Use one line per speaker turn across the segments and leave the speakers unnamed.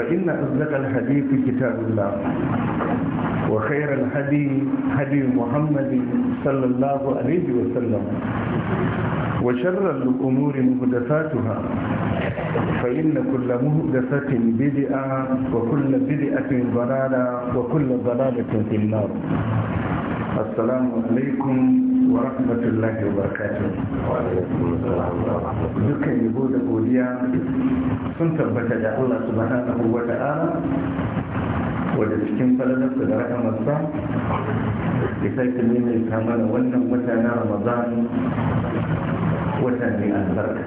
فإن أصدق الحديث كتاب الله وخير الهدي هدي محمد صلى الله عليه وسلم وشر الأمور مهدفاتها فإن كل مهدفة بدئة وكل بدئة ضلالة وكل ضلالة في النار السلام عليكم ورحمة الله وبركاته dukkan yabo da godiya sun tabbata da Allah subhanahu wa ta'ala wadda cikin falalarsa da rahamarsa ya sake nuna ta mana wannan wata na ramadan wata ne albarka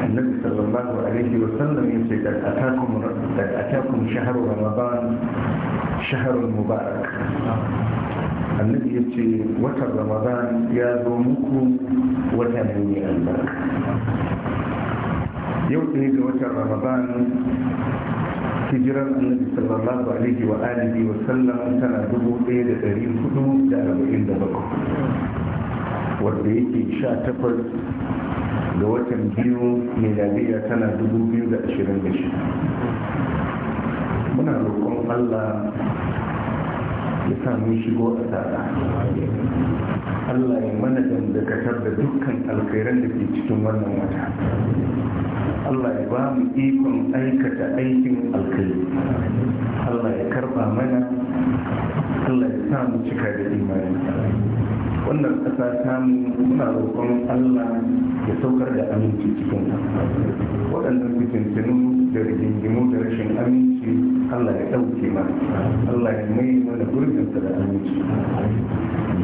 النبي صلى الله عليه وسلم يقول قد أتاكم, أتاكم شهر رمضان شهر مبارك annabi ya ce watan ramadan ya zo muku wata ne mai albarka yau ɗaya ga watan ramadan hijirar annabi sallallahu alaihi wa alihi wa sallam tana dubu ɗaya da ɗari hudu da arba'in da bakwai wadda yake sha takwas ga watan biyu miladiya tana dubu biyu da ashirin da shida muna roƙon allah ya mun shigo a tsada Allah ya mana da dakatar da dukkan alkhairan da ke cikin wannan wata Allah ya ba mu ikon aikata aikin alkhairi Allah ya karba mana Allah ya sa cika da imani wannan ƙasa ta muna roƙon Allah ya saukar da aminci cikin waɗannan fitintinu da rigingimu da rashin aminci Allah ya ɗauke ma. Allah ya mai mana gurbin da aminci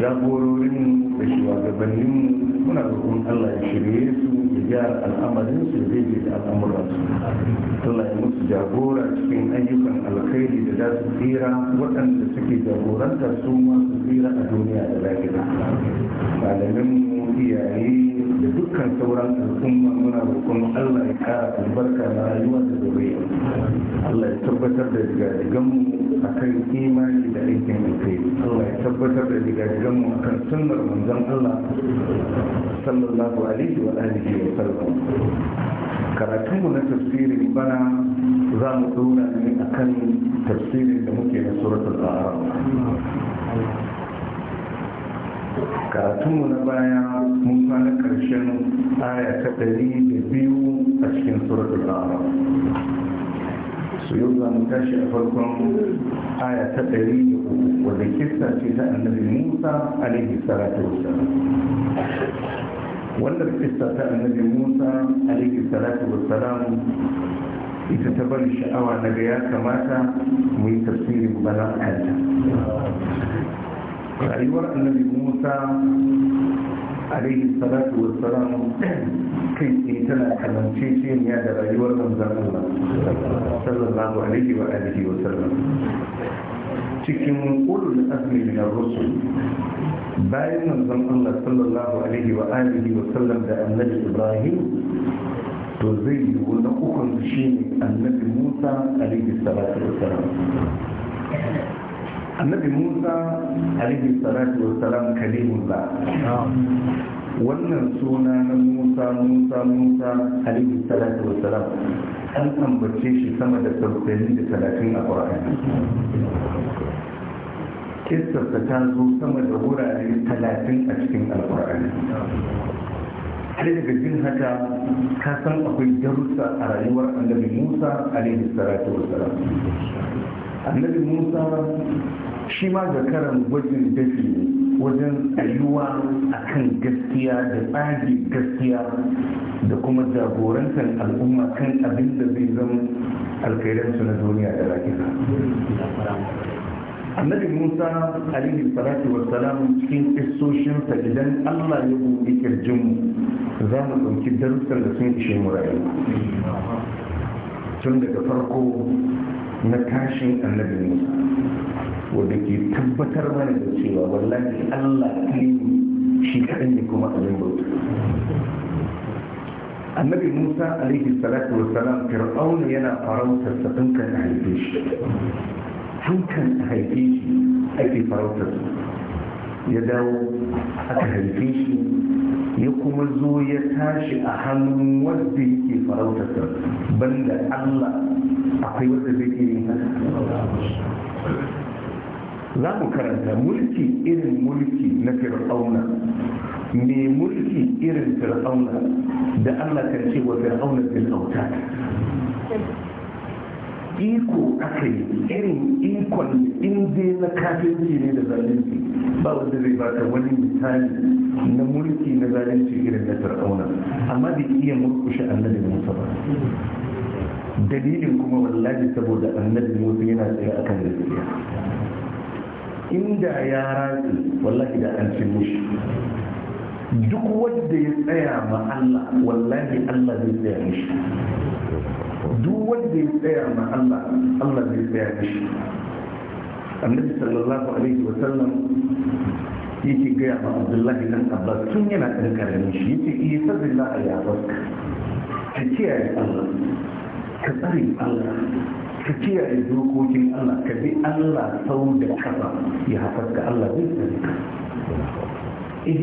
jagororin da shugabannin muna roƙon Allah ya shirye su ya gyara al'amarin su da zai da al'amuran su Allah ya musu jagora cikin ayyukan alkhairi da za su tsira waɗanda suke jagoranta su masu tsira a duniya da lafiya malamin mu iyaye da dukkan sauran al'umma muna roƙon Allah ya kara albarka na rayuwar da zuriya Allah ya tabbatar da mu a kan imani da aikin alkhairi Allah ya tabbatar da mu a kan sunnar manzon Allah sallallahu alaihi wa alihi wa sallam karatunmu na tafsirin bana za mu dora ne akan tafsirin da muke na suratul a'raf karatunmu na baya mun kwana karshen aya ta ɗari da biyu a cikin suratul arab su yi za mu tashi a farkon aya ta ɗari da uku wadda kista ce ta annabi musa alaihi salatu wasalam wannan kista ta annabi musa alaihi salatu wasalam ita ta bari sha'awa na ya kamata mu yi tafsirin bana أيوة النبي موسى عليه الصلاة والسلام كيف كنتنا كمن شيء يا دار أيوة رمزان الله صلى الله عليه وآله وسلم تكيم كل الأسم من الرسل بعد رمزان الله صلى الله عليه وآله وسلم دا النبي إبراهيم تزيد ونقوم بشيء النبي موسى عليه الصلاة والسلام annabi musa alaihi salatu wassalam kalimullah wannan suna na musa musa musa alaihi salatu wassalam an tambace shi sama da sarfani da talatin a ƙwararri kistarsa ta zo sama da wurare talatin a cikin alƙwararri har daga jin haka ka san akwai darussa a rayuwar annabi musa alaihi salatu wassalam annabi musa shi ma zakaran gwajin dafi wajen ayyuwa a kan gaskiya da tsage gaskiya da kuma jagorantar al'umma kan abin da zai zama alkairansu na duniya da lafiya annabi musa alaihi salatu wassalam cikin isoshinsa idan allah ya buɗe kirjinmu za mu ɗauki darussan da sun ishe mu rayuwa tun daga farko na tashin annabi musa wanda ke tabbatar mana da cewa wallahi allah ne shi kaɗan ne kuma abin bauta annabi musa alaihi salatu wassalam fir'aun yana farautar sa tun kan haife shi tun kan haife shi ake farautar ya dawo aka haife shi ya kuma zo ya tashi a hannun wanda yake farautarsa banda Allah akwai wanda zai iya yin za ku karanta mulki irin mulki na fir'auna me mulki irin fir'auna da allah kan ce wa fir'auna fir'auta iko aka yi irin ikon in dai na kafinci ne da zalunci ba wanda zai baka wani misali na mulki na zalunci irin na fir'auna amma da iya murkushe annabi musa ba dalilin kuma wallahi saboda annabi musu yana tsaye akan gaskiya inda ya rasu wallahi da an cin mushi duk wanda ya tsaya ma Allah wallahi Allah zai tsaya mushi duk wanda ya tsaya ma Allah Allah zai tsaya mushi annabi sallallahu alaihi wa sallam yake gaya ma Abdullahi dan Abbas tun yana ɗan mushi yake yi sabbin la'a ya baska ka kiyaye Allah ka tsari Allah ka kiyaye dokokin Allah ka bi Allah sau da kasa ya haifarka Allah zai tsari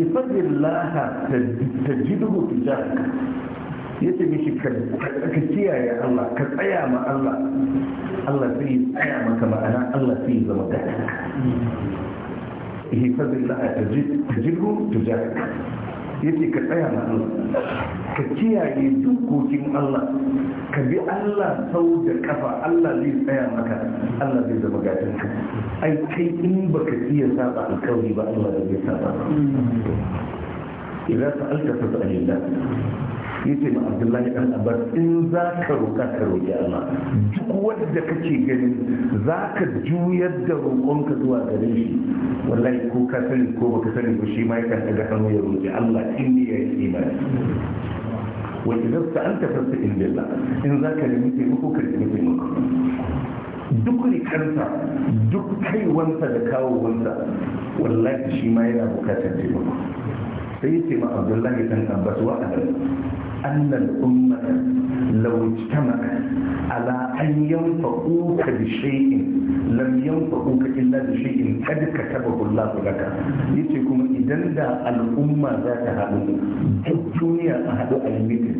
ka dubu tajiduhu ya ce mishi ka kiyaye Allah ka tsaya ma Allah Allah sai tsaya maka ma'ana Allah sai zama ta ji dubu tijaraka yace ka tsaya na Allah ka kiyaye dukokin Allah ka bi Allah sau da kafa Allah zai tsaya maka Allah zai zama gadon ka ai kai in baka iya saba alkawari ba Allah zai saba ka سألت فاسأل الله yace ma abdullahi dan abbas in za ka roƙa ka roƙi Allah duk wanda kake gani za ka juyar da roƙonka zuwa gare shi wallahi ko ka sani ko baka sani ba shi ma yakan daga hannu ya roƙi Allah in ne ya yi imani wa idan sa'anta fasta in billah in za ka nemi taimako ka nemi taimako duk rikarsa duk kaiwansa da kawowansa wallahi shi ma yana bukatar taimako sai ya ce ma abdullahi dan abbas wa'adar أن الأمة لو اجتمعت على أن ينفقوك بشيء lam yanfa'uka illa bi shay'in kad katabahu Allah laka yace kuma idan da al'umma za ta haɗu duk duniya a haɗu a yi mitin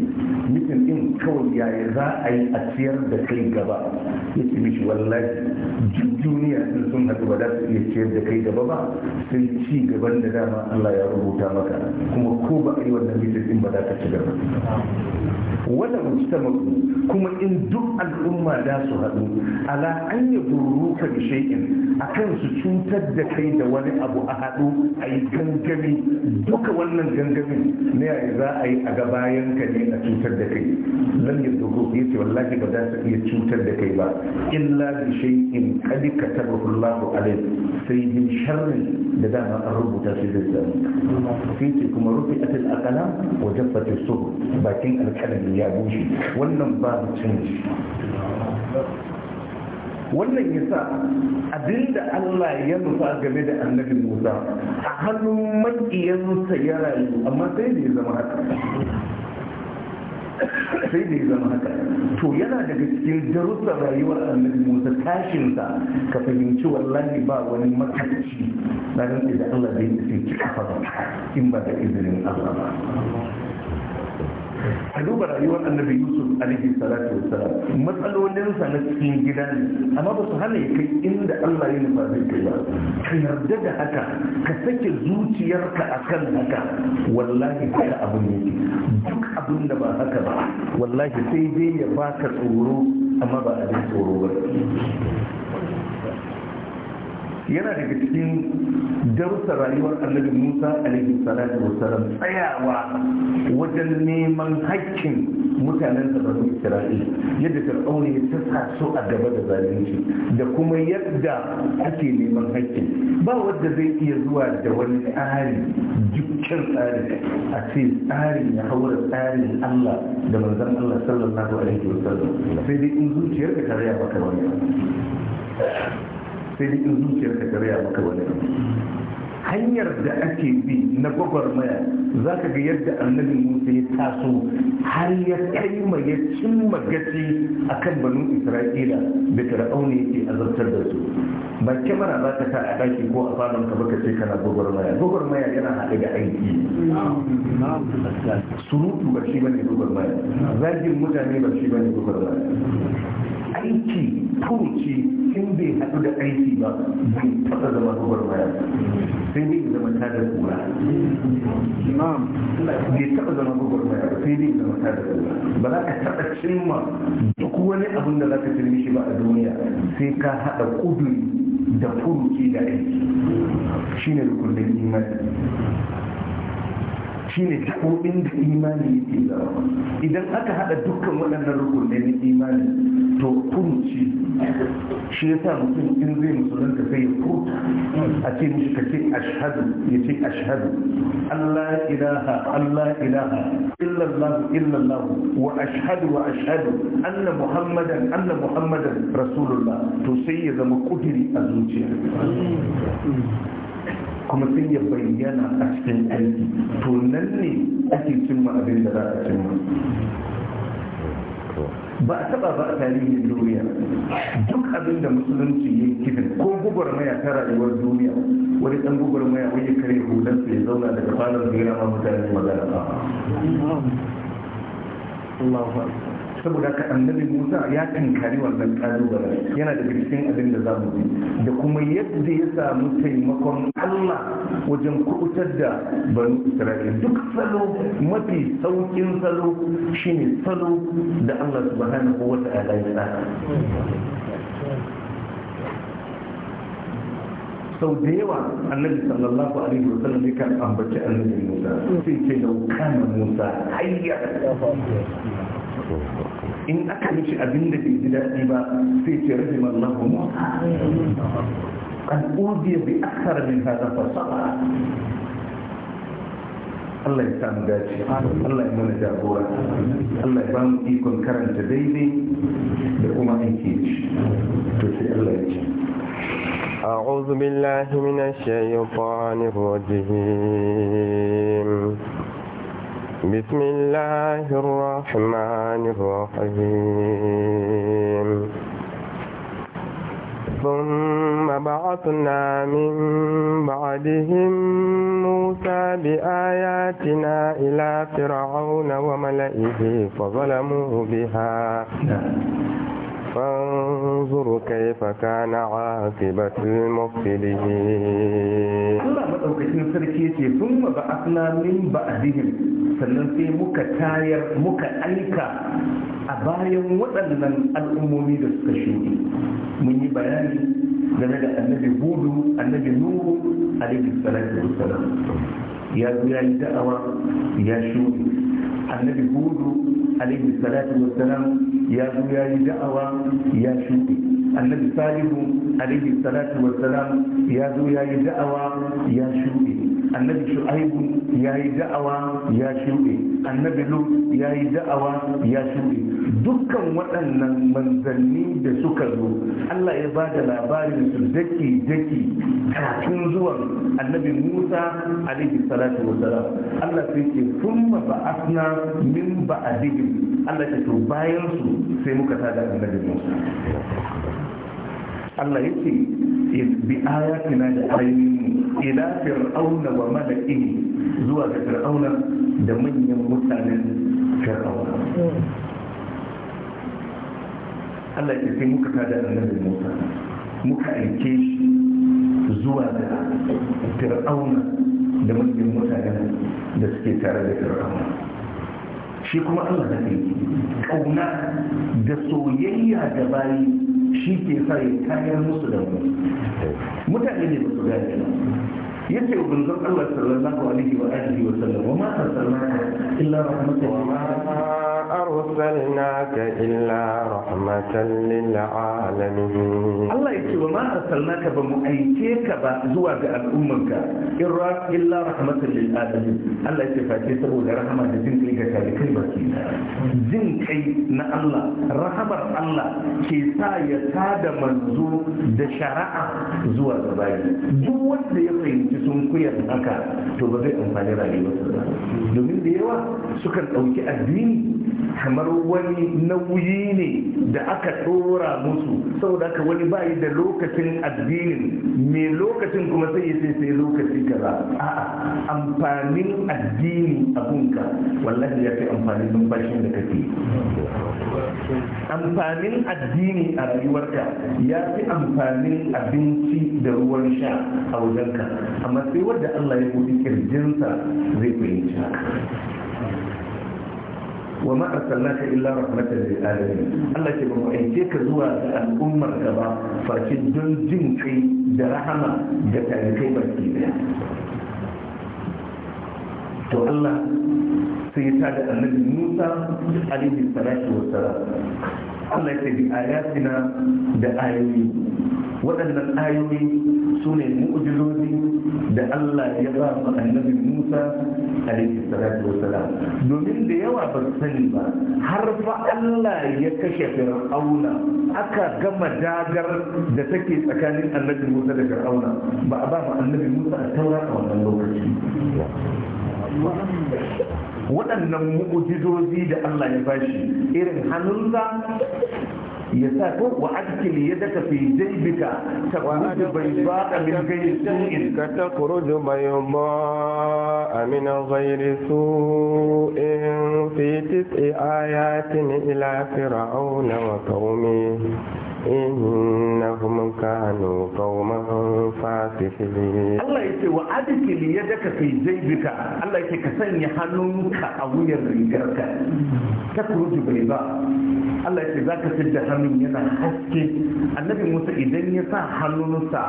mitin din kawai yaya za a yi a ciyar da kai gaba yace mishi wallahi duk duniya in sun haɗu ba za su iya ciyar da kai gaba ba sai ci gaban da dama Allah ya rubuta maka kuma ko ba a yi wannan mitin din ba za ka ci gaba wannan mujtama kuma in duk al'umma da su haɗu ala an yadurru ka bi akan su cutar da kai da wani abu a haɗu a yi gangami duka wannan gangamin ne a za a yi a ga bayan ka ne a cutar da kai lam yadurru yace wallahi ba za su iya cutar da kai ba illa bi kadi ka katabahu Allahu alayh sai bin sharrin da dama an rubuta shi da sai ce kuma rufi atil aqlam wa jaffat so. bakin alkalami ya bushe wannan babu canji wannan yasa abinda Allah ya nufa game da annabi Musa a hannun makiyansa ya rayu amma sai da ya zama haka sai da ya zama haka to yana daga cikin darussan rayuwar annabi musa tashinsa ka fahimci wallahi ba wani makaci na rantsi da allah bai sai ki kafa ba in ba da izinin allah ba ka duba rayuwar annabi yusuf alaihi salatu wassalam matsalolinsa na cikin gida ne amma ba su hana ya kai inda allah ya nufa zai kai ba ka yarda da haka ka sake zuciyarka akan haka wallahi haka abun ne duk abin da ba haka ba wallahi sai dai ya baka tsoro amma ba abin tsoro ba yana daga cikin darussa rayuwar annabi musa alaihi salatu wasalam tsayawa wajen neman haƙƙin mutanen da isra'ila yadda fir'auna ya tasa su a gaba da zalunci da kuma yadda ake neman haƙƙin ba wanda zai iya zuwa da wani tsari dukkan tsari a ce tsarin ya haura tsarin allah da manzon allah sallallahu alaihi wasallam sai dai in zuciyarka tare ya maka wani sai dai in zuciyar ka tarayya maka wani hanyar da ake bi na gwagwarmaya za ka ga yadda annabi musa ya taso har ya kai ma ya cimma magaci a kan banu isra'ila da ya ke azabtar da su ba kyamara za ka ta a ɗaki ko a falon ka baka ce kana gwagwarmaya gwagwarmaya yana haɗe da aiki surutu ba shi bane gwagwarmaya zagin mutane ba shi bane gwagwarmaya aiki furuci in bai haɗu da aiki ba bai taɓa zama gubar baya sai ne zama ta da kura bai taɓa zama gubar baya sai ne zama ta da kura ba za ka taɓa cimma duk wani abin da za ka cimmi shi ba a duniya sai ka haɗa kuduri da furuki da aiki shine rukunin imani shine gaɓoɓin da imani ya ke zama idan aka haɗa dukkan waɗannan rukunai na imani to kunci shi ya sa mutum in zai musulunta sai ya kuta a ce mishi ka ce ashhadu ya ce ashhadu Allah ilaha Allah ilaha illallah illallah wa ashhadu wa ashhadu anna muhammadan anna muhammadan rasulullah to sai ya zama kudiri a zuciya kuma sun ya bayyana a cikin aiki to ne ake cimma abin da za a cimma ba a taba ba a tarihin duniya duk abin da musulunci ya kifin ko maya ta rayuwar duniya wani dan maya wani kare hular su ya zauna daga falon da yana ma mutane magana ba saboda ka annabi musa ya tinkari wannan kalubale yana da cikin abin da za mu bi da kuma yadda ya samu taimakon allah wajen kubutar da banu isra'ila duk salo mafi saukin salo shine salo da allah subhanahu wa ta'ala ya tsara sau da yawa annabi sallallahu alaihi wa sallam yakan ambaci annabi Musa sai ce da kana Musa hayya in aka mishi abin da bai ji daɗi ba sai ce rabi mallahu musa kan ubiya bi min hadha fasaba Allah ya samu dace Allah ya mana jagora Allah ya ba mu ikon karanta daidai da kuma aiki to sai Allah ya ce
أعوذ بالله من الشيطان الرجيم بسم الله الرحمن الرحيم ثم بعثنا من بعدهم موسى بآياتنا إلى فرعون وملئه فظلموا بها نعم. فانظر كيف كان عاقبة المفسدين Allah
madaukakin sarki ce sun ma ba'athna min ba'dihim sannan sai muka tayar muka aika a bayan waɗannan al'ummomi da suka shuɗe mun yi bayani game da annabi hudu annabi nuhu alaihi salatu wassalam ya ya yi da'awa ya shuɗi, annabi hudu alaihi salatu wassalam ya zo ya yi da'awa ya shuɗe annabi salihu alaihi salatu wassalam ya zo ya yi da'awa ya shuɗe annabi shu'aibu ya yi da'awa ya shuɗe annabi Lu ya yi da'awa ya shuɗe dukkan waɗannan manzanni da suka zo Allah ya ba da labarin su daki daki kafin zuwan annabi Musa alaihi salatu wa salam. Allah sai ke thumma ba'athna min ba'dihim Allah ya to bayan su sai muka tada annabi Musa Allah ya ce bi ayatina da ayoyin ila fir'auna wa mala'ihi zuwa ga fir'auna da manyan mutanen fir'auna Allah ya sai muka tada annabi Musa muka aike shi zuwa da fir'auna da manyan mutanen da suke tare da fir'auna shi kuma Allah da kai kauna da soyayya da bayi shi ke sa ya tayar musu da mu mutane ne su gane yace wa manzon Allah sallallahu alaihi wa alihi wa sallam wa ma arsalnaka illa rahmatullahi wa barakatuh
أرسلناك إلا رحمة للعالمين الله يكي وما أرسلناك بمؤيتيك زواج الأمك إراك
إلا رحمة للعالمين الله يكي فاتي سبو رحمة جن كي كتالي كي بكي جن كي نا الله رحمة الله كي سايا سادة منزو دشارع زواج باي جوات ليقين تسنكوية أكا تبغي أنفاني رأيوة domin da yawa sukan ɗauki addini kamar wani nauyi ne da aka ɗora musu saboda haka wani bayi da lokacin addinin me lokacin kuma sai ya sai lokaci kaza a'a amfanin addini abunka wallahi ya fi amfanin numfashin da kake amfanin addini a rayuwarka ya fi amfanin abinci da ruwan sha a wajenka amma sai wadda Allah ya buɗe kirjinsa zai fahimci haka wa ma arsalnaka illa rahmatan lil alamin Allah ke ba mu aike ka zuwa ga al'ummar ka ba face don jin kai da rahama ga talikai baki daya to Allah sai ya da annabi Musa alaihi salatu wassalam Allah ya ce bi ayatina da ayoyi waɗannan ayoyi su ne mu'ujizozi da Allah ya ba su annabi Musa alaihi salatu wasalam domin da yawa ba su sani ba har fa Allah ya kashe Fir'auna aka gama dagar da take tsakanin annabi Musa da Fir'auna ba a ba mu annabi Musa a taura a wannan lokaci waɗannan mu'ujizozi da Allah ya bashi irin hannunsa يساك وأدخل يدك في
جيبك تخرج بيضاء من غير سوء تخرج بيضاء من غير سوء في تسع آيات إلى فرعون وقومه إنهم كانوا قوما fasiqin Allah
يتوى wa adkili yadaka fi jaybika Allah yake ka sanya hannunka a wuyar rigarka ta kuruji bai ba Allah yake fidda hannun yana haske annabi Musa idan ya sa hannunsa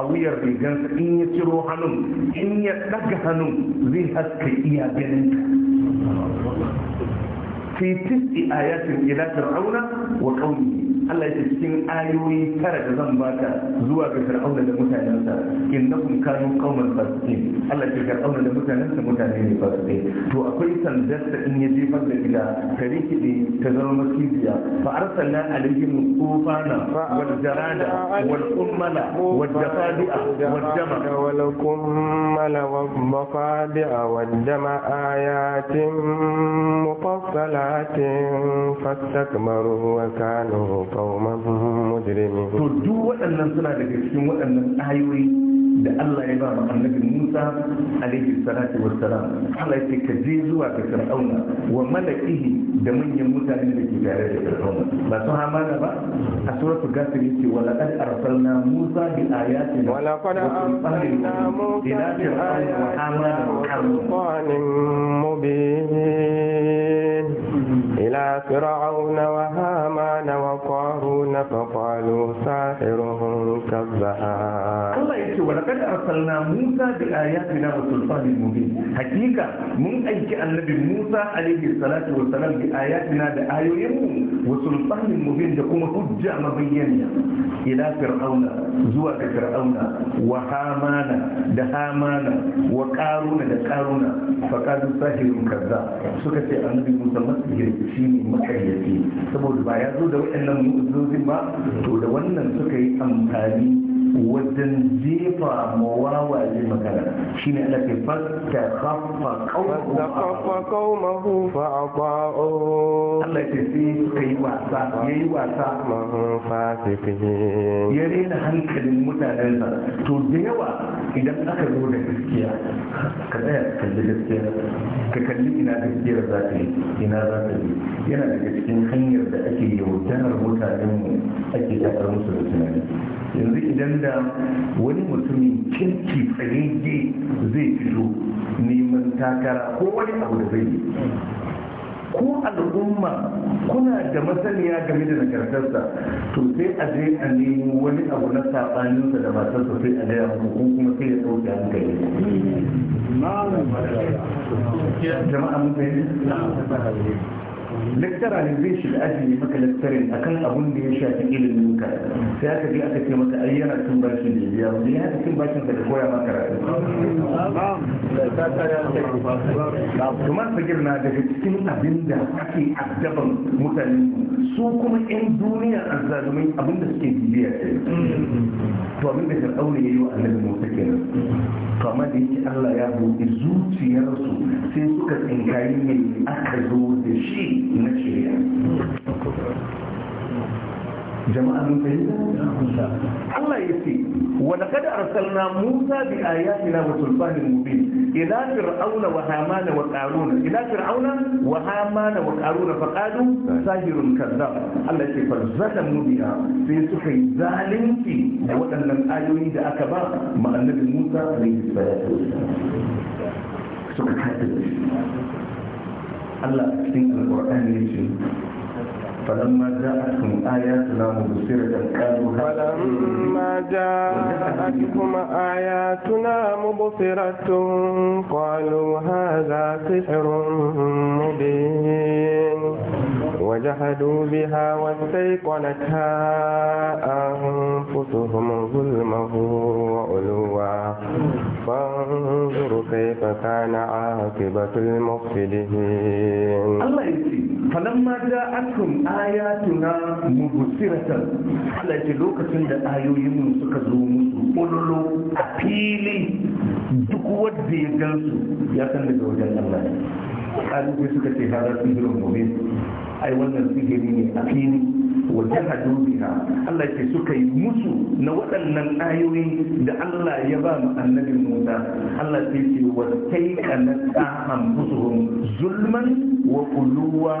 a wuyar rigarsa in ya ciro hannun in ya daga hannun zai haske iya ganinka a yakin آيات إلى wa وقومه Allah ya cikin ayoyi tara da zan baka zuwa ga fir'auna da mutanensa kun kanu qauman fasikin Allah ya fir'auna da mutanensa mutane ne fasiqai to akwai sandar da in ya jefar da ita ta rikide ta zama makibiya fa arsalna alaihim tufana wal jarada
wal ummala wal jafadi'a wal jama wal ummala wal mafadi'a wal jama ayatin mufassalatin fastakmaru wa kanu qauman mujrimin to
duk waɗannan suna daga cikin waɗannan ayoyi da Allah ya ba mu annabi Musa alaihi salatu wassalam Allah ya ce ka je zuwa ga Fir'auna wa malakihi da manyan mutane da ke tare da Fir'auna ba su hamana ba a suratul Ghafir yace wa laqad arsalna Musa bi ayatina wa laqad arsalna Musa ila Fir'auna wa hamana wa qawmin mubin
إلى فرعون وهامان وقارون فقالوا ساحر كذاب walaqad
arsalna Musa bi ayatina wa sulfanin mubin hakika mun aiki annabi Musa alaihi salatu wa salam bi ayatina da ayoyinmu wa sulfanin mubin da kuma hujja mabayyana ila fir'auna zuwa ga fir'auna wa hamana da hamana wa karuna da karuna fa kadu sahirun kaza suka ce annabi Musa shi ne makayyaci saboda ba ya zo da waɗannan mu'ujizozin ba to da wannan suka yi amfani wajen jefa mawawaye magana shi ne ala
ke fasta kafa kawo fa'aɓa'o Allah ya sai suka yi wasa ya yi wasa
ya rena hankalin mutanensa to da yawa idan aka zo da gaskiya ka tsaya ka kalli gaskiya ka kalli ina gaskiyar za ta yi ina za ta yi yana daga cikin hanyar da ake yaudarar mutanenmu ake yakar musu da tunani yanzu idan da wani mutumin kirki tsayayye zai fito neman takara ko wani abu da zai yi ko al'umma kuna da masaniya game da nagartarsa to sai a je a nemi wani abu na saɓaninsa da matarsa sai a gaya muku kuma sai ya ɗauke hankali jama'a mun fahimta lektara ne zai shiga aji ne maka lektarin kan abun da ya shafi ilimin ka sai aka je aka ce maka ai yana cin bashi ne biya ne ya cin bashin daga koya maka karatu kuma sagir na daga cikin abin da ake addaban mutane su kuma yan duniya azzalumai abin da suke bibiya ce to abin da fir'auna ya yi wa annabi musa kenan da yake Allah ya buɗe zuciyarsu sai suka tsinkari mai aka zo da shi na shirya jama'a mun fahimta
Allah ya ce
wa laqad arsalna Musa bi ayatina wa sulfanin mubin ila fir'auna wa hamana wa qaruna ila fir'auna wa hamana wa qaruna fa qalu sahirun kadzab Allah ya ce fa zalamu biha sai suka yi zalunci da waɗannan ayoyi da aka ba ma annabi Musa alaihi salatu suka kafirce Allah cikin alƙur'ani ne فلما جاءتهم آياتنا مبصرة قالوا
فلما جاءتهم آياتنا مبصرة قالوا هذا سحر مبين وجحدوا بها واستيقنتها أنفسهم ظلما وعلوا فانظر كيف كان عاقبة المفسدين الله
يسي
فلما جاءتهم آياتنا مبصرة على جلوك سند آيو يمن سكزو مسو
قللو أبيلي
دقوة دي ديجنسو يا سند وجل الله قالوا سكتي هذا سهر المبين أي wannan sihiri أبيلي wajahadu biha Allah ke suka yi musu na waɗannan ayoyi da Allah ya ba mu annabi Musa Allah ke ce wa kai kanata amfusuhum zulman wa quluwa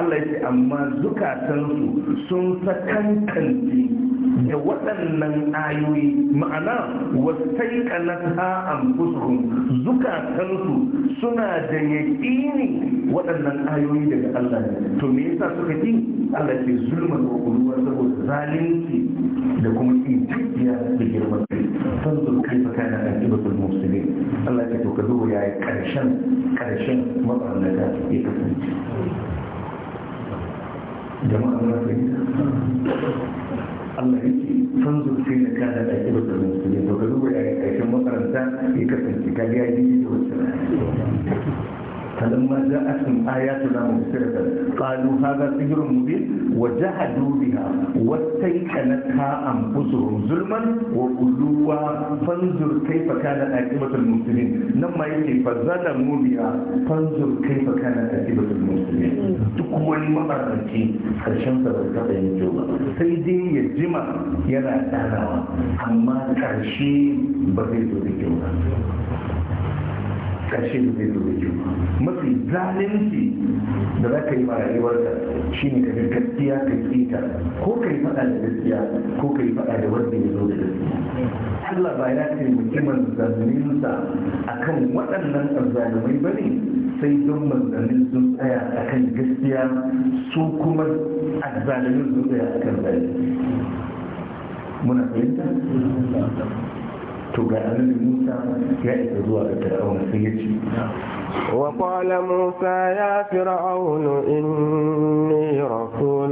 Allah ke amma zukatansu sun sakankanci da waɗannan ayoyi ma'ana wasai kanata an fusuhun zukatansu suna da yaƙini waɗannan ayoyi daga Allah to me yasa suka ƙi Allah ke zulman wa kuluwa saboda zalunci da kuma ƙi da girman kai fanzur kai fa kana aqibatul muslimin Allah ke to ka ya yi ƙarshen ƙarshen mabarnata ya kasance jama'a na fahimta Allah yake san sai na kana da ake bakar musulmi to ka duba a ƙarshen makaranta ya kasance ka biya jiki da wacce فلما جاءتهم آياتنا مبصرة قالوا هذا سحر مبين وجحدوا بها واستيقنتها أنفسهم ظلما وغلوا فانظر كيف كان عاقبة المسلمين لما يجي فظلموا بها فانظر كيف كان عاقبة المسلمين تكون مبرتي karshen sa bai taɓa yin ba sai dai ya jima yana ɗanawa amma ƙarshe ba zai zo da kyau ba karshe da zai zo da mafi zalunci da za ka yi ma rayuwarka shi ne ka gaskiya ka kita ko ka yi faɗa da gaskiya ko ka yi faɗa da wanda ya zo da gaskiya Allah ba ya ce mutumin zaliminsa a kan waɗannan azzalumai ba ne sai don manzannin sun tsaya a kan gaskiya su kuma azzalumin sun tsaya a kan zalunci muna
fahimta وقال موسى يا فرعون إني رسول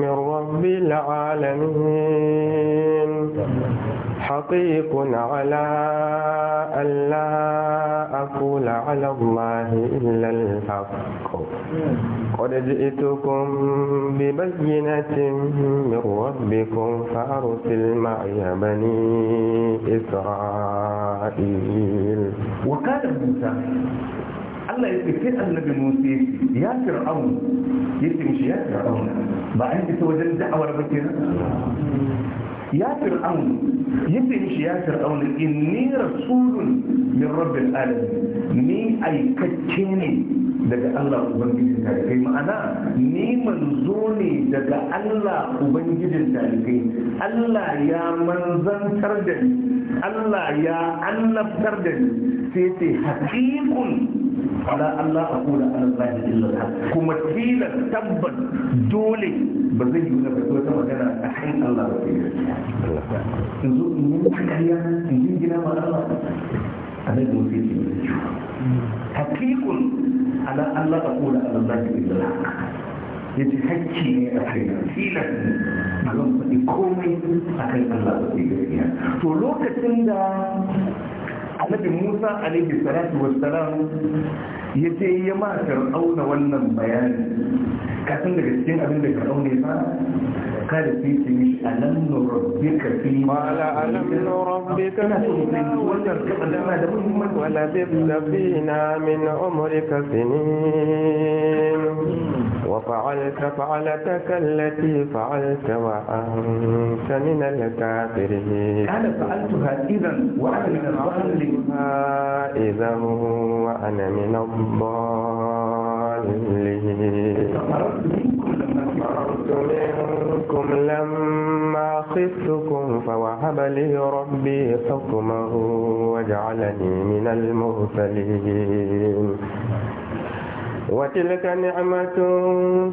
من رب العالمين حقيق على ألا أقول على الله إلا الحق قد جئتكم ببينة من ربكم فأرسل معي بني إسرائيل
وقال موسى الله يتكيس النبي موسى يا فرعون يتمشي يا فرعون ما عندي توجد دعوة ربكنا يا فرعون يتمشي يا فرعون إني رسول من رب العالمين مي أي كتيني daga Allah ubangijin talibai ma'ana ni manzo ne daga Allah ubangijin talibai Allah ya manzantar da ni Allah ya annabtar da ni sai ce haqiqun ala Allah aqula ala Allah illa kuma tilas tabbas dole ba zai yi wani fito ta magana a kan Allah ba sai in zo in yi kariya in yi gina ma Allah annabi musulmi hakikun ala Allah ta kula a Allah ta illa ya ce hakki ne a kai filan a zan faɗi komai a kai Allah ta gaskiya to lokacin da annabi musa alaihi salatu wassalam ya ce ya ma fir'auna wannan bayani kasan daga cikin abin da fir'auna ya fara kada sai ce mishi alam nurabbika
fi qala alam nurabbika wannan kasan da muhimmanci wala bi min umrika sinin وفعلت فعلتك التي فعلت وأنت من الكافرين أنا
فعلتها
إذا وأنا من الضالين
إذا وأنا من الضالين فررت منكم لما خفتكم فوهب لي ربي حكمه وجعلني من المرسلين وتلك نعمة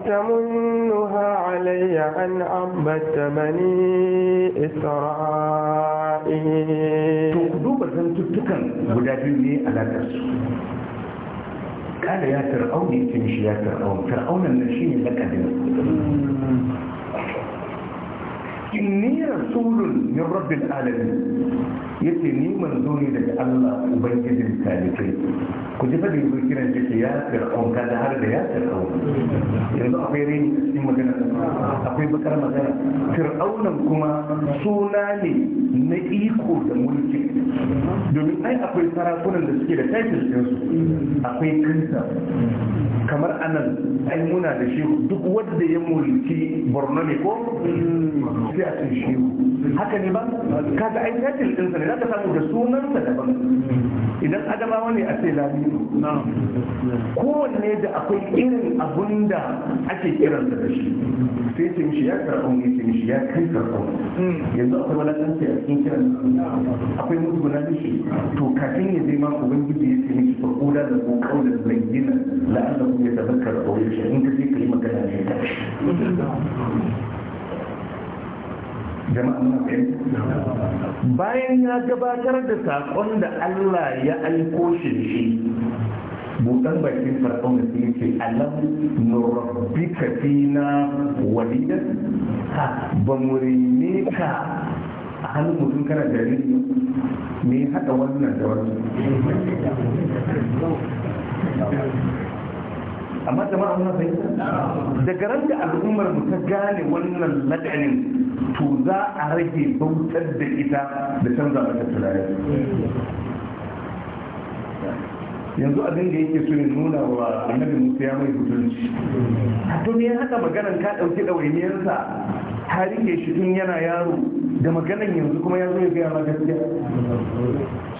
تمنها علي أن عبدت بني إسرائيل تقدوب سنتتكا ولدني على
درسه قال يا فرعون تمشي يا فرعون فرعون النشين لك دنسك
inni rasulun
min rabbil alamin yace ni manzo ne daga Allah ubangijin talibai ku ji fadin ku kiran ta ke ya fir'aun ka da har da ya fir'aun yanzu akwai rini cikin magana akwai bakar magana fir'aunan kuma suna ne na iko da mulki domin ai akwai sarakunan da suke da title ɗinsu akwai kanta kamar anan ai muna da shehu duk wanda ya mulki borno ne ko sai a ce shehu haka ne ba ka ga ai tajil din sa ne ka samu da sunan sa daban idan adamawa ne a sai lami kowanne da akwai irin abun da ake kiran sa da shi sai ce mishi ya karɓo ne ce mishi ya kai karɓo yanzu akwai walakanci a cikin kiran akwai mutu na mishi to kafin ya je ma ubangiji ya ce mishi farko da ko kaunar bayyana la'alla ku ya tabakkar shi. in ka je ka yi magana ne bayan ya gabatar da saƙon da Allah ya aiko shi shi buɗan bakin farkon da sai ce alam nurabbika fina walidan ba mu rene ka a hannun mutum kana jari ne haɗa wannan da wani amma jama'a muna fahimta daga ran da al'ummar mu ta gane wannan ladanin to za a rage bautar da ita da canza mata tunani yanzu abin da yake so ya nuna wa annabi musa ya mai a to me ya haka maganar ka dauki ɗawainiyarsa har yake shi tun yana yaro da maganan yanzu kuma ya zo ya gaya gaskiya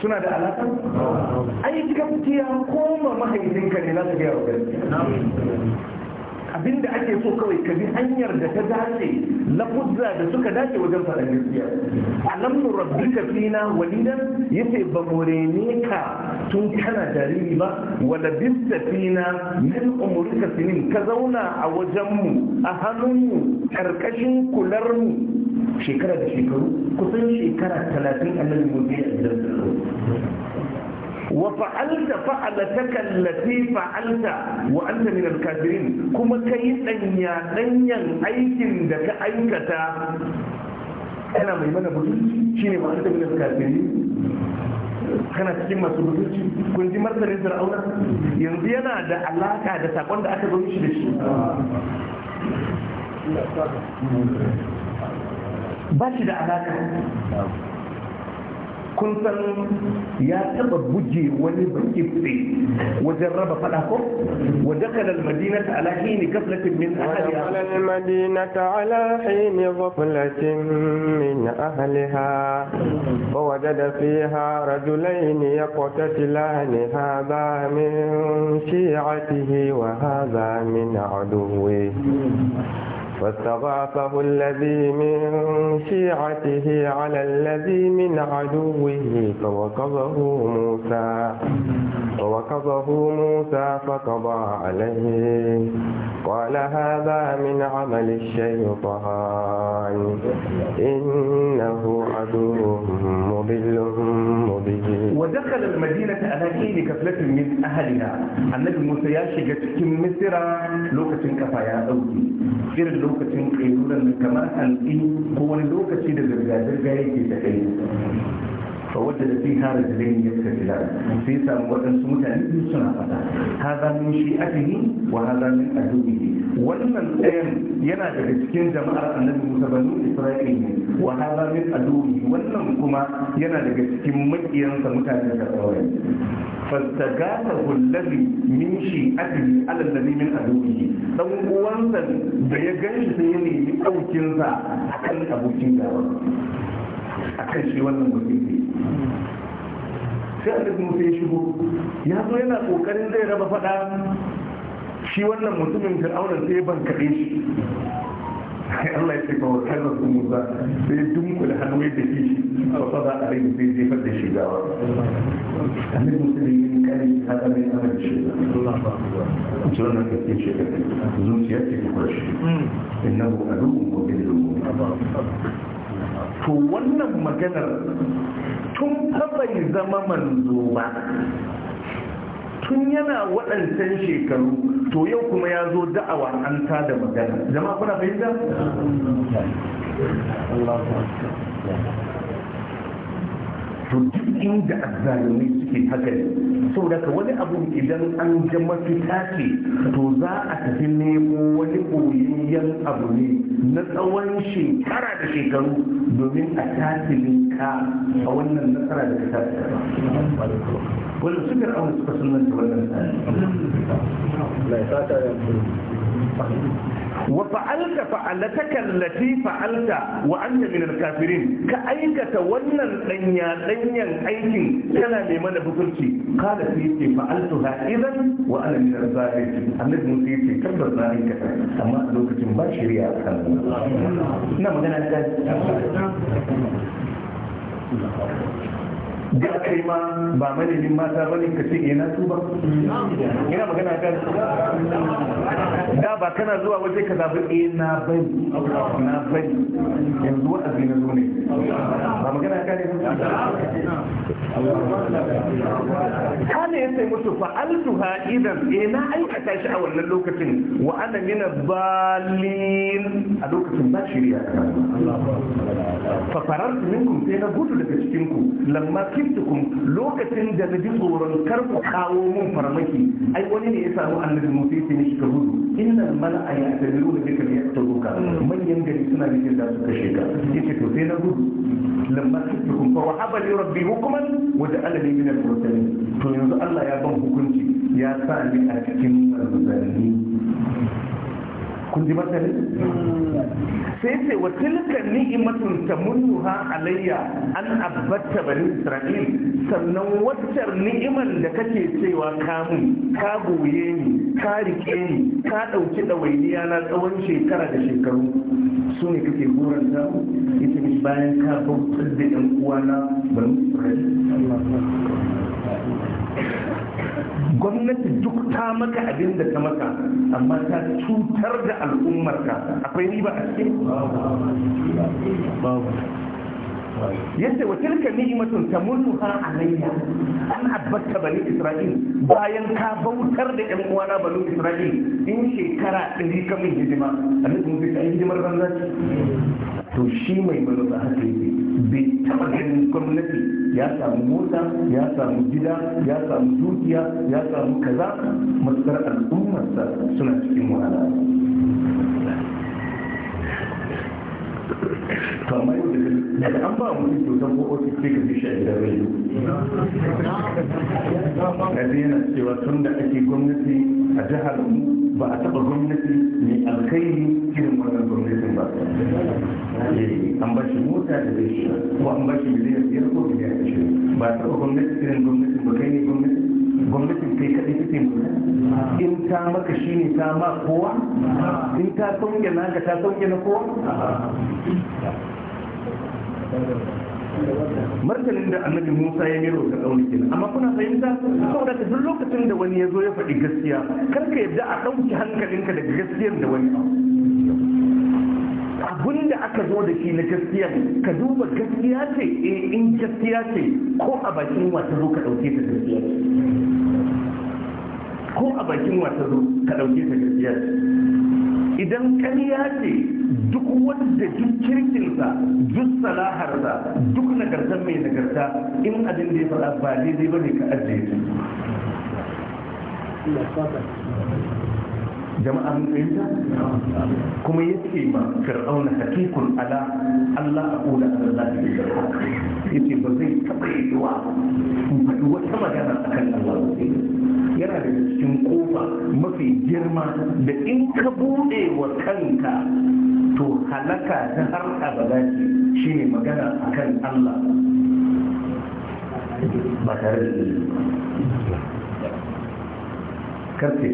suna da alaƙa ai gaskiya koma mahaifinka ne za ta gaya wa gaskiya abinda ake so kawai ka bi hanyar da ta dace lafuzza da suka dace wajen faɗin gaskiya alam rabbika na walidan yace ba morene ka tun kana jariri ba wala bista na min umrika sinin ka zauna a wajen mu a hannun mu karkashin kular mu shekara da shekaru kusan shekara talatin annabi musa a gidan sarau wa fa'alta fa'alataka allati fa'alta wa anta min al-kafirin kuma kai danya danyan aikin da ka aikata kana mai mana mutunci shine ma anta min al-kafirin kana cikin masu mutunci kun ji martanin fir'auna yanzu yana da alaka da sakon da aka zo shi da shi
ba shi da alaƙa
kun san ya taba buge wani baki tse wajen raba fada ko wa dakala almadinata ala hin ghaflatin min
ahliha wa dakala
almadinata ala hin ghaflatin min ahliha wa wajada fiha rajulayn yaqtatilani hadha min shi'atihi wa hadha min aduwwihi فاستضعفه الذي من شيعته على الذي من عدوه فوقظه موسى فوقظه موسى فقضى عليه قال هذا من عمل الشيطان إنه عدو مضل مبين
ودخل المدينة على حين كفلة من أهلها النبي موسى يا كم مصر لوكة كفايا أوكي lokacin kailuran kamar hantsi ko wani lokaci da zirga-zirga yake da kai فوجد فيها رجلين يتكلان في سام ودن سمتان سنة فتا هذا من شيئته وهذا من أدوبه ولما الآن ينادى بسكين جماعة النبي موسى بنو إسرائيل وهذا من أدوبه ولما كما ينادى بسكين مجيان سمتان يتكلان فاستغاثه الذي من شيئته على الذي من أدوبه لو uwansa da ya gani sai ya nemi ɗaukinsa a kan abokin gawa a kan shi wannan mutum sai musa ya shigo ya zo yana kokarin zai raba fada shi wannan mutumin fir'aunar sai ban kaɗe shi Allah ya ce ba wakar da su musa sai ya dunkula hannu ya shi a wasa za a rai sai jefar da shi gawa annabi musa ne yin kare ta ɗan yin amar shi ce wannan ka ce ka zuciya ce ta a hmm. innahu adu'un wa bilhu to wannan maganar tun bai zama manzo ba tun yana waɗancan shekaru to yau kuma ya zo da'awa an ta da magana jama'a kuna fahimta? to duk inda azzalumai suke hakan ne saboda wani abu idan an ga mafita ce to za a tafi nemo wani koyayyen abu ne na tsawon shekara da shekaru domin a tasirin ka a wannan nasara da ka wani su ga suka sunan da wannan tsari wa fa'alta fa'alataka allati fa'alta wa anta kafirin ka aikata wannan danya aikin kana mai mana hukunci kada sai yace fa'altuha idan wa ana min al-zalimin annabi Musa yace tabbas na
lokacin
da kai ma ba madadin mata bane ka ce ina eh, su ba ina magana
kan da ba kana
zuwa waje ka zaɓi? eh na bani na bani yanzu wa'azi na zo ne ba magana kan kana ya sai musu ha idan eh na aikata shi a wannan lokacin wa ana min balin a lokacin ba shirya fa farartu minkum sai na gudu daga cikin ku lamma khiftukum lokacin da na ji tsoron kar ku kawo mun farmaki ai wani ne ya samu annabi musa yace ne ka gudu innal mala'a ya'tamiru bika liyaqtuluka manyan gari suna nufin da su kashe ka yace to sai na gudu lamma khiftukum fa wahaba li rabbi hukman wa ja'alani min al-mursalin to yanzu Allah ya ban hukunci ya sa ni a cikin manzanni kun ji matsali sai ce wa tilka ni'matun tamunnuha alayya an abbata bani isra'il sannan waccar ni'iman da kake cewa ka mun ka goye ni ka rike ni ka dauki dawainiya na tsawon shekara da shekaru su ne kake goranta ita ne bayan ka bautar da yan uwana bani isra'il gwamnati duk ta maka abin da ta maka amma ta cutar da al'ummarka akwai riba a cikin babu. yadda wa tilka ni'matun tamunnuha alayya an abbata bani isra'il bayan ka bautar da yan uwana bani isra'il in shekara ɗari ka hidima annabi mun ta hidimar banza to shi mai manufa haka yake bai taba gwamnati ya samu mota ya samu gida ya samu dukiya ya samu kaza matsar al'ummarsa suna cikin wahala kamar amma yau da daga an ba kyautar ko sai ka bisha shi a gidan rayu yanzu yana cewa tun da ake gwamnati a jihar mu ba a taba gwamnati mai alkairi irin wannan gwamnatin ba eh, an ba shi mota da zai shi ko an ba shi miliyan biyar ko miliyan ashirin ba a taba gwamnati irin gwamnatin ba kai ne gwamnati gwamnatin kai kaɗai kake mota in ta maka shi ne ta ma kowa in ta sauke ka ta sauke na kowa martanin da annabi musa ya mero ka ɗauni amma kuna fahimta saboda ka duk lokacin da wani ya zo ya faɗi gaskiya kar ka yadda a ɗauki hankalinka daga gaskiyar da wani abun da aka zo da shi na gaskiya ka duba gaskiya ce eh in gaskiya ce ko a bakin wata zo ka ɗauke ta gaskiya ko a bakin wata zo ka ɗauke ta gaskiya idan ƙarya ce duk wanda duk kirkinsa duk salaharsa duk nagartar mai nagarta in abin da ya faɗa ba daidai ba ne ka ajiye su jama'a mun fahimta kuma ya ce ma fir'auna hakikun ala Allah a kula a Allah da ya ya ce ba zai taɓa yiwa faɗi wata magana a kan Allah yana da cikin kofa mafi girma da in ka bude wa kanka to halaka ta har abada ce shi ne magana a kan Allah ba tare da ilimi karfe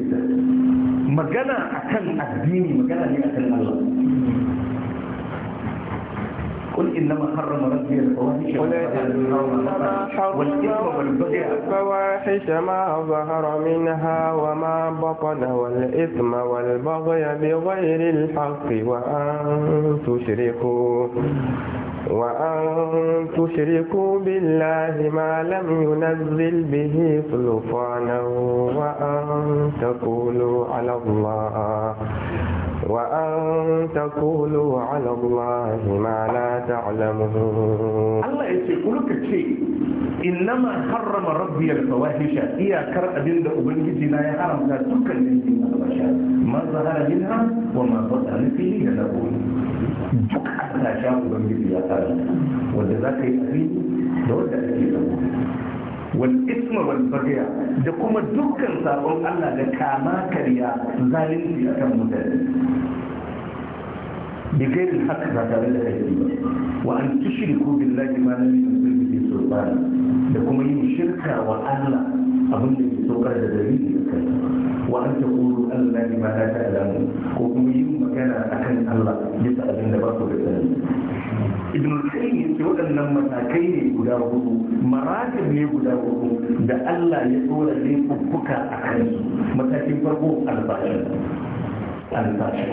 magana a kan addini magana ne a kan Allah قل إنما حرم ربي الفواحش
الفواحش ما ظهر منها وما بطن والإثم والبغي بغير الحق وأن تشركوا وأن تشركوا بالله ما لم ينزل به سلطانا وأن تقولوا على الله وأن تقولوا على الله ما لا تعلمون
الله يقولك شيء إنما حرم ربي الفواحش إيا كرأ دين أبنجي لا يحرم لا تكن من ما ظهر منها وما بطن فيه يلبون حتى شاء أبنجي يا تعالى وده ذاك يأتي دور ذاك يلبون Wasu isma'ul faduya da kuma dukkan sabon Allah da kama kariya za a yi munifi a kan da aka gari ba, wa an ƙi shirin ko ma na yi tsinbin kifin da kuma yin shirka wa Allah abin da in so fara daga wa an taqulu Allah ta la ta'lamun ko kuma yin magana akan Allah bisa abin da ba su da sani ibn al-qayyim waɗannan matakai ne guda hudu maratib ne guda hudu da Allah ya tsora ne a akan su matakin farko albashin albashin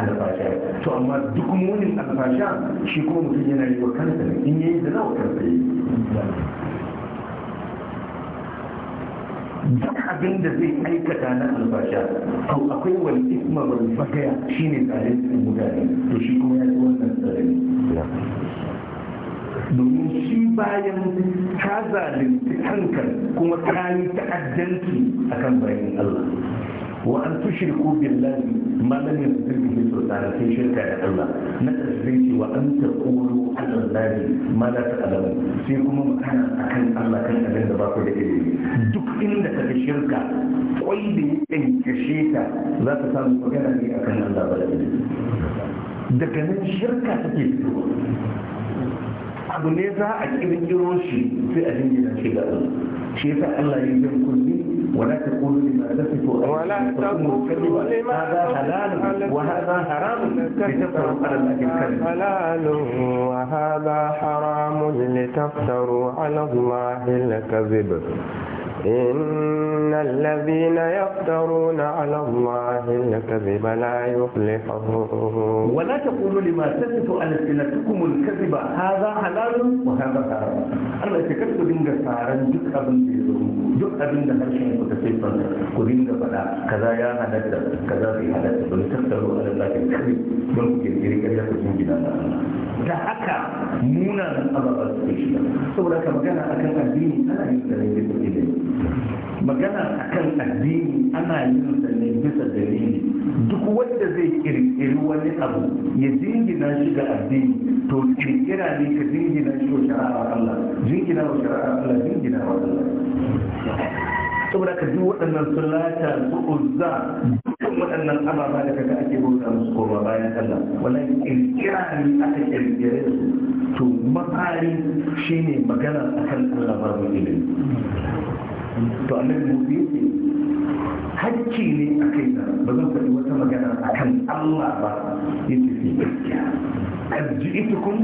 albasha to amma duk munin albasha shi ko mutum yana yi wa kansa in yayi da nawa kansa yi duk abin da zai aikata na albasha to akwai wal isma wal bagaya shine zalimin mutane to shi kuma ya ji wannan tsarani domin shi bayan ka zalunci hankal kuma ka yi ta'addanci akan bayan Allah wa an tushriku billahi malami su turbi ke sau tare sai shirka da Allah na tarfe cewa an ta kuro Allah zaɓi ma za ta alamu sai kuma magana a kan Allah kan abin da ba ku da ilimi duk inda ka ga shirka kwai da ya kankashe ka za ka samu magana ne a kan Allah ba da ilimi daga nan shirka take fito abu ne za a kirkiro shi sai a jin ce ga Allah shi Allah ya yi jan kulli ولا تقولوا لما تصف تقول الكذب هذا حلال وهذا
حرام لتفتروا على الله الكذب حلال وهذا حرام لتفتروا على الله الكذب إن الذين يفترون على الله الكذب لا يفلحون ولا
تقولوا لما تصف ألسنتكم الكذب هذا حلال وهذا حرام الله يتكتب إنك سارا جزء من duk abin da harshen ku ta siffar ku dinga faɗa kaza ya halatta kaza bai halatta don tattaro a lallafin kare don ku kirkiri kaza ku sun da na da haka munanan ababen su ke shiga saboda ka magana akan addini ana yin da ne da ilimi magana akan addini ana yin da ne bisa dalili duk wanda zai kirkiri wani abu ya jingina shi ga addini to kirkira ne ka jingina shi wa shara'a Allah jingina wa shara'a Allah jingina wa Allah saboda ka duk waɗannan sulata su uzza duk waɗannan ababa da kaga ake bauta musu ba bayan Allah wala kirkira ne aka kirkire su to mafari shine magana akan Allah babu ilimi to annabi musa hakki ne a kai na ba zan faɗi wata magana a kan allah ba ya ce sai gaskiya arji'itukum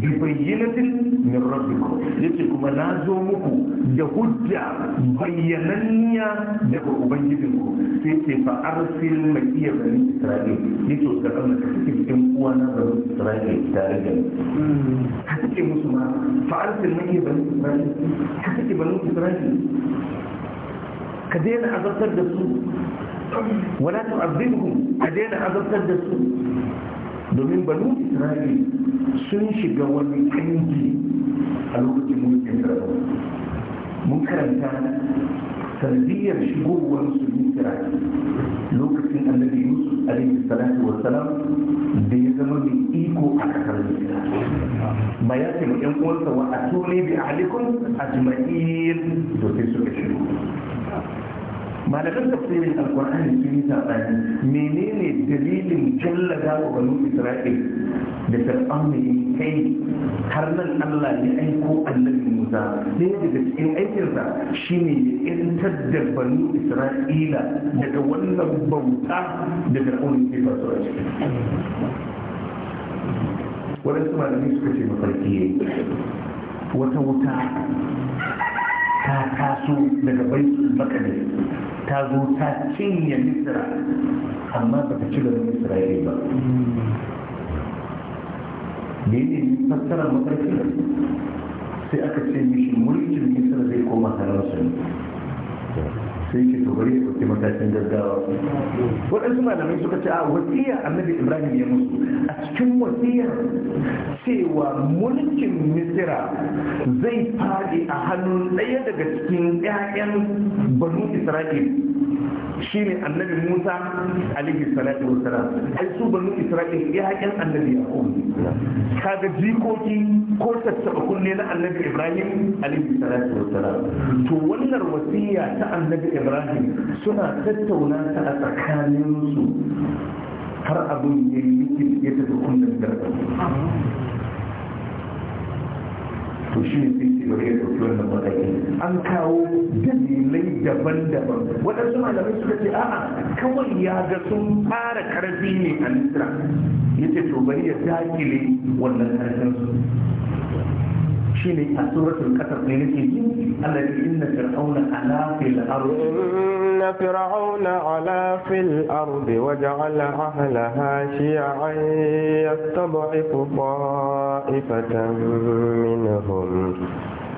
bi bayyinatin min rabbikum yace kuma na zo muku da hujja bayyananniya daga ubangijinku sai ce fa arsil mai iya bani isra'il yake da kan da kake cikin uwa na da Isra'ila tare da ka take musu ma fa'altin nake bani ban ka take bani Isra'ila ka daina azabtar da su wala tu'azzibhum ka daina azabtar da su domin banu Isra'ila sun shiga wani kanji a lokacin mulkin mun karanta sanadiyar shigowar musulmi kira lokacin annabi yusuf alaihi salatu wa salam da ya zama mai iko a kasar misira ba ya ce yan uwansa wa atuni bi ahlikum ajma'in to sai suka shigo malamin tafsirin alkur'ani sun yi sabani menene dalilin jallada wa banu isra'il da fir'aun ne kai har nan Allah ya aiko annabi Musa ɗaya daga cikin aikinsa shine ya yantar da banu isra'ila daga wannan bauta da fir'aun ke fasu a ciki waɗansu malamai suka ce mafarki wata wuta ta taso daga baitul maqdis ta zo ta cinye misira amma ba ta ci gaban isra'ila ba da yi fassara mafarki sai aka ce mishi mulkin misira zai koma sararsa ne sai ce to bari su ɗauki matakin gaggawa waɗansu malamai suka ce a wasiya annabi ibrahim ya musu a cikin wasiya cewa mulkin misira zai faɗi a hannun ɗaya daga cikin 'ya'yan banu isra'il shine annabi musa alaihi salatu wassalam ai su banu isra'il 'ya'yan annabi yaqub kaga jikoki ko tattaba kunne na annabi ibrahim alaihi salatu wassalam to wannan wasiya ta annabi ibrahim suna tattauna ta a tsakaninsu har abin ya yi ya tafi kundin garba to shi ne sai ce bari ya ɗauki wannan mataki an kawo dalilai daban-daban waɗansu malamai suka ce a'a kawai ya ga sun fara karfi ne a nisra ya ce to bari ya dakile wannan karfin
شيني سورة الكتر لنسي الذي إن فرعون علا في الأرض إن فرعون علا في الأرض وجعل أهلها شيعا يستضعف طائفة منهم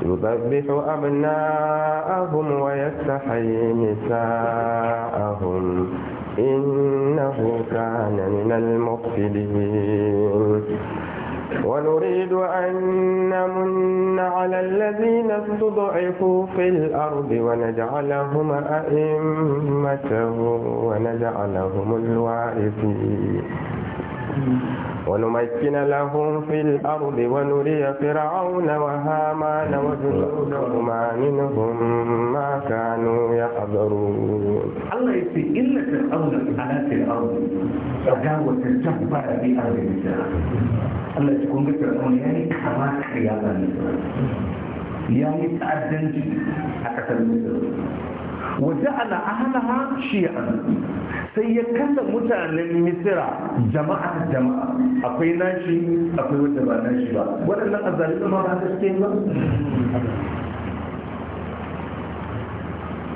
يذبح أبناءهم ويستحيي نساءهم إنه كان من المفسدين ونريد أن نمن على الذين استضعفوا في الأرض ونجعلهم أئمة ونجعلهم الوارثين ونمكن لهم في الأرض ونري فرعون وهامان وجنودهما منهم ما كانوا يحذرون
الله يسي إلا فرعون على في الأرض فجاوز الجبار في أرض الإسلام Allah ya kun ga Fir'aun ya yi kama kiyama ne ya yi ta'addanci a ƙasar Misir وجعل أهلها شيعا سيكل متعن المسرة جماعة الجماعة أقوي ناشي أقوي وجبا ناشي با ولن أزال ما هذا الشيء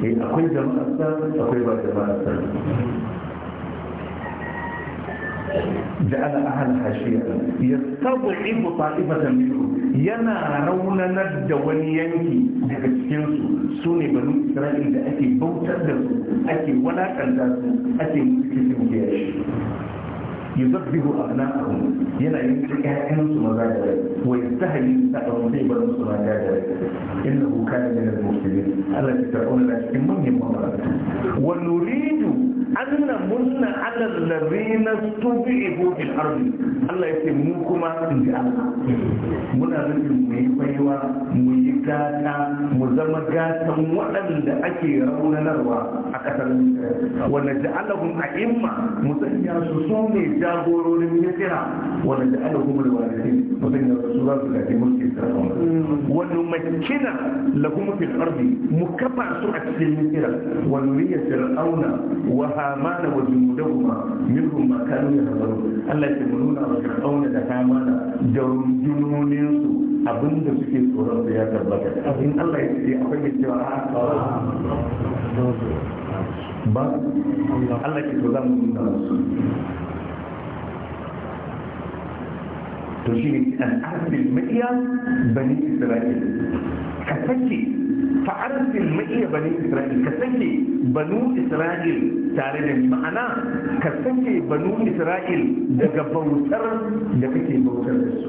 إيه، أقوي جماعة أقوي وجبا ناشي جعل أهلها شيئا يستضعف طائفة منهم ينارون رون ند ونيانكي سوني بنو إسرائيل ده أكي بوتا دسو أتي ولا كندسو أتي مكتسم جيش يذبه أبناءهم ينا يمسك أنس مزاجر ويستهل سأرون في بنو مزاجر إنه كان من المفسدين التي تكون لك من مبارك ونريد anna munna ala allazina tubi'u fil ardi Allah yake mu kuma in ji Allah muna nufin mu yi baiwa mu yi gata mu zama gatan waɗanda ake raunanarwa a ƙasar wanda ja'alahum a'imma mu sanya su su ne jagororin misira wanda ja'alahum alwarisin mu sanya su za su gaji mulkin sarrafa Wannan makina lahum fil ardi mu kafa su a cikin misira wani riyar fir'auna wa hamana wa junudahuma minhum ma kanu yahzarun Allah ya nuna wa fir'auna da hamana da rundunonin su abinda suke tsoron su ya tabbata in Allah ya ce akwai mai cewa ba Allah ke to mu nuna su to shi ne an arfil ma'iya bani isra'il ka sake fa'arsil ma'iya bani isra'il ka sake banu isra'il tare da ma'ana ka sake banu isra'il daga bautar da kake bautar da su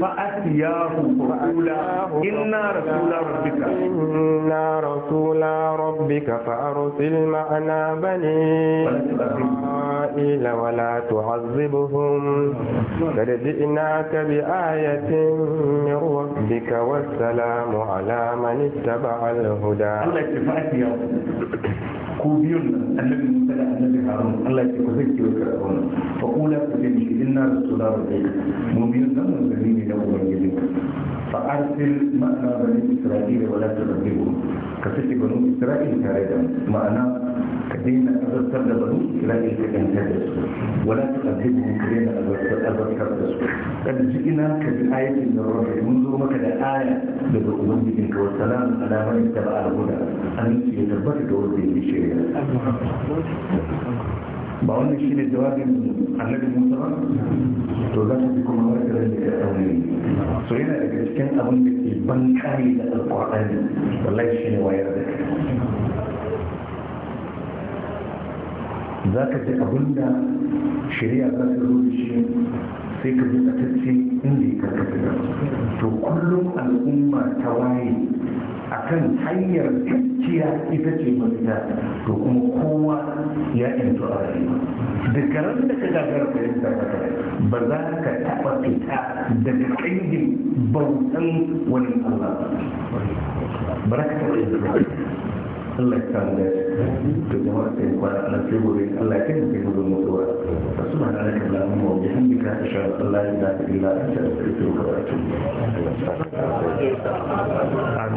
فأتياه رسولا إنا رسول ربك
إنا رسول ربك فأرسل معنا بني إسرائيل ولا تعذبهم قد جئناك بآية من ربك والسلام على من اتبع الهدى الله فأتياه
كوبيون النبي موسى النبي هارون الله يكفيك وكرهون فقولا فكني إنا رسول ربك مبين لنا na ubangiji fa arsil ma'ana bani isra'ila wala tu'adhibu ka saki banu isra'ila tare da ma'ana ka daina azabtar da banu isra'ila ka danta da su wala tu'adhibu ka daina azabtar da su kan jikina ka bi ayatin da rabbi mun zo maka da aya daga ubangijin ka wa salamu ala man ittaba al-huda an ya tabbata ga wanda yake shirya ba wannan shine jawabin annabi musa to za ta fi kuma wata ka rage da tsauri so yana daga cikin abin da ke ban kare da alƙur'ani wallahi shi ne wayar da kai za ka ji abin da shari'a za ta zo da shi sai ka zo a tacce inda ya karkata to kullum al'umma ta waye a kan hanyar kaciya ita ce mafita to kuma kowa ya intu a rayuwa daga ran da ka gagar fahimtar haka ba za ka taɓa fita daga kangin bautan wani Allah ba za ka taɓa yanzu ba Allah ya samu dace to jama'a sai kwana a sai gobe Allah ya kai mu kai mu zo mu ma
wani allahumma ka bihamdika Allah ya zafi illa